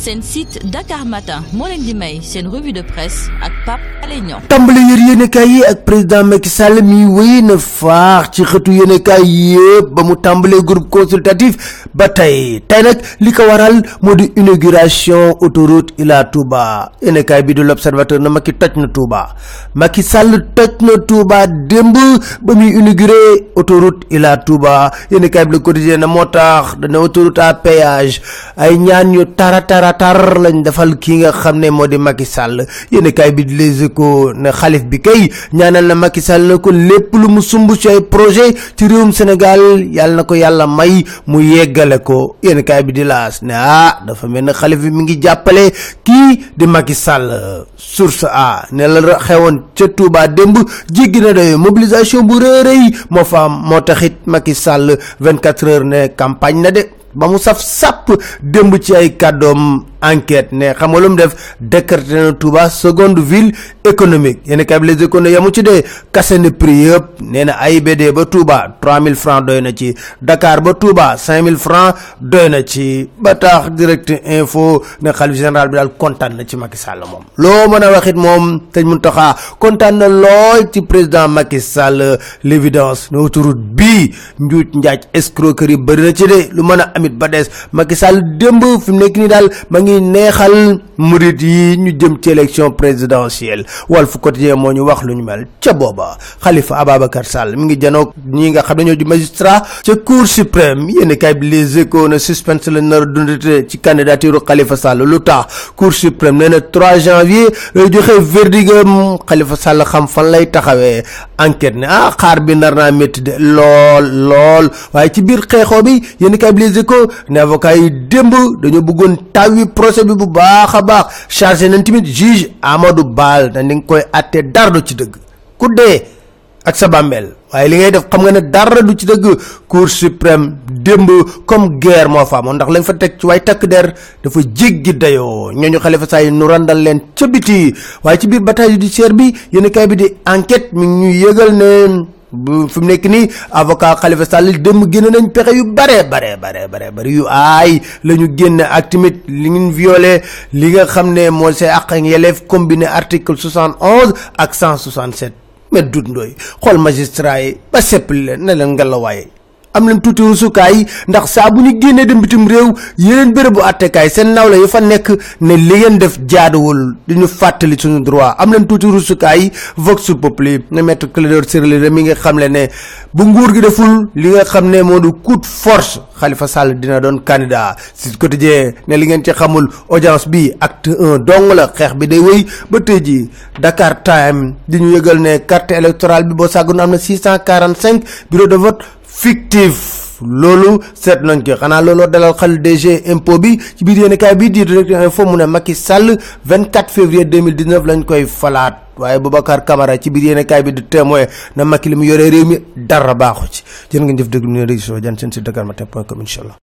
seen site Dakar Matin moo leen di may seen revue de presse ak Pape Alé Niang yër yéenekaay yi ak président Macky Sall mi wéy na faax ci xëtu yéenekaay yëpp ba mu tàmbalee groupe consultatif ba tey tey nag li ko waral moo di inauguration autoroute Ila Touba yéenekaay bi du l'Observateur na Macky toj na Touba Macky Sall toj na Touba démb ba muy inauguré autoroute Ila Touba yéenekaay bi Le Quotidien na moo tax dana autoroute à péage ay ñaan yu tara tara tar lañ defal ki nga xam ne moo di Macky Sall yéenekaay bi les échos xalif bi kay ñaanal na Macky Sall na ko lépp lu mu sumb ci ay projet ci réewum Sénégal yàlla na ko yàlla may mu yeggale ko yéen kaay bi di laas ne ah dafa mel ne xalif bi mi ngi jàppale kii di Macky Sall source a ne la xewoon ca Touba démb jéggi na doy mobilisation bu rëy rëy moo fa am moo taxit Macky Sall 24 heures ne campagne na de ba mu saf sàpp démb ci ay kàddoom enquête ne xam nga lu def décrété na Touba seconde ville économique yéen kay bi les économies yamu ci dee kase na prix yëpp nee na AIBD ba Touba mille francs doy na ci Dakar ba Touba mille francs doy na ci ba tax direct info ne xalif général bi daal kontaan na ci Macky Sall moom. loo mën a wax it moom sëñ Mountakha kontaan na looy ci président Macky Sall l' évidence ne autoroute bii njuuj njaaj escroquerie bëri na ci de lu mën a amit ba des Macky Sall démb fi nekk nii daal ngi neexal murit yi ñu jëm ci élection présidentielle Walf Quotidien moo ñu wax lu ñu mel ca booba Khalifa Ababacar Sall mu ngi janoog ñi nga xam ne ñoo di magistrat ca cour suprême yéen kay bi les échos ne suspense la nar a dundate ci candidature Khalifa Sall lu taax cour suprême nee na 3 janvier lay joxe verdigam xalifa Sall xam fan lay taxawee enquête ne ah xaar bi nar naa métti de lool lool waaye ci biir xeexoo bi yéen kay bi les ne avocat yi démb procès bi bu baax a baax chargé nañ tamit juge Amadou Baal ni nga koy àtte dara du ci dëgg ku dee ak sa bàmmeel waaye li ngay def xam nga ne dara du ci dëgg cour suprême démb comme guerre moo fa amoon ndax lañ fa teg ci waaye takk der dafa jéggi dayoo ñooñu xalifa saa yi nu randal leen ca biti waaye ci biir di judiciaire bi yéen kaay bi di enquête mi ngi ñuy yëgal ne. bu fi mu nekk nii avocat Khalifa Sall démb génne nañ pexe yu bare bare bare bare bare yu aay la ñu génn ak tamit li ngeen violé li nga xam ne mooy say a ak yelleef combiné article soixante onze ak cent soixante sept mais dut ndooy xool magistrat yi ba seppli leen ne leen ngelawaay am nañ tuuti rusukaay ndax saa bu ñu génnee dem bitim réew yeneen bërëbu àttekaay seen nawle yi fa nekk ne li ngeen def jaaduwul du ñu fàttali suñu droit am nañ tuuti rusukaay vox populi ne maître Clédor Ciré mi nga xam le ne bu nguur gi deful li nga xam ne moo du coup force xalifa Sall dina doon candidat si quotidien ne li ngeen ci xamul audience bi acte un dong la xeex bi day wéy ba tey ji Dakar Time di ñu yëgal ne carte électorale bi boo sàggoon am na 645 bureau de vote fictif loolu seet nañ ko xanaa looloo dalal xel DG impôt bi ci biir yéenekaay bii di direct info mu ne Macky Sall 24 février 2019 lañ koy falaat waaye Boubacar Camara ci biir yéenekaay bi di témoin na Macky li mu yore réew mi dara baaxu ci jërë ngeen jëf déglu ñu ne région jan seen si dakarmatin.com incha allah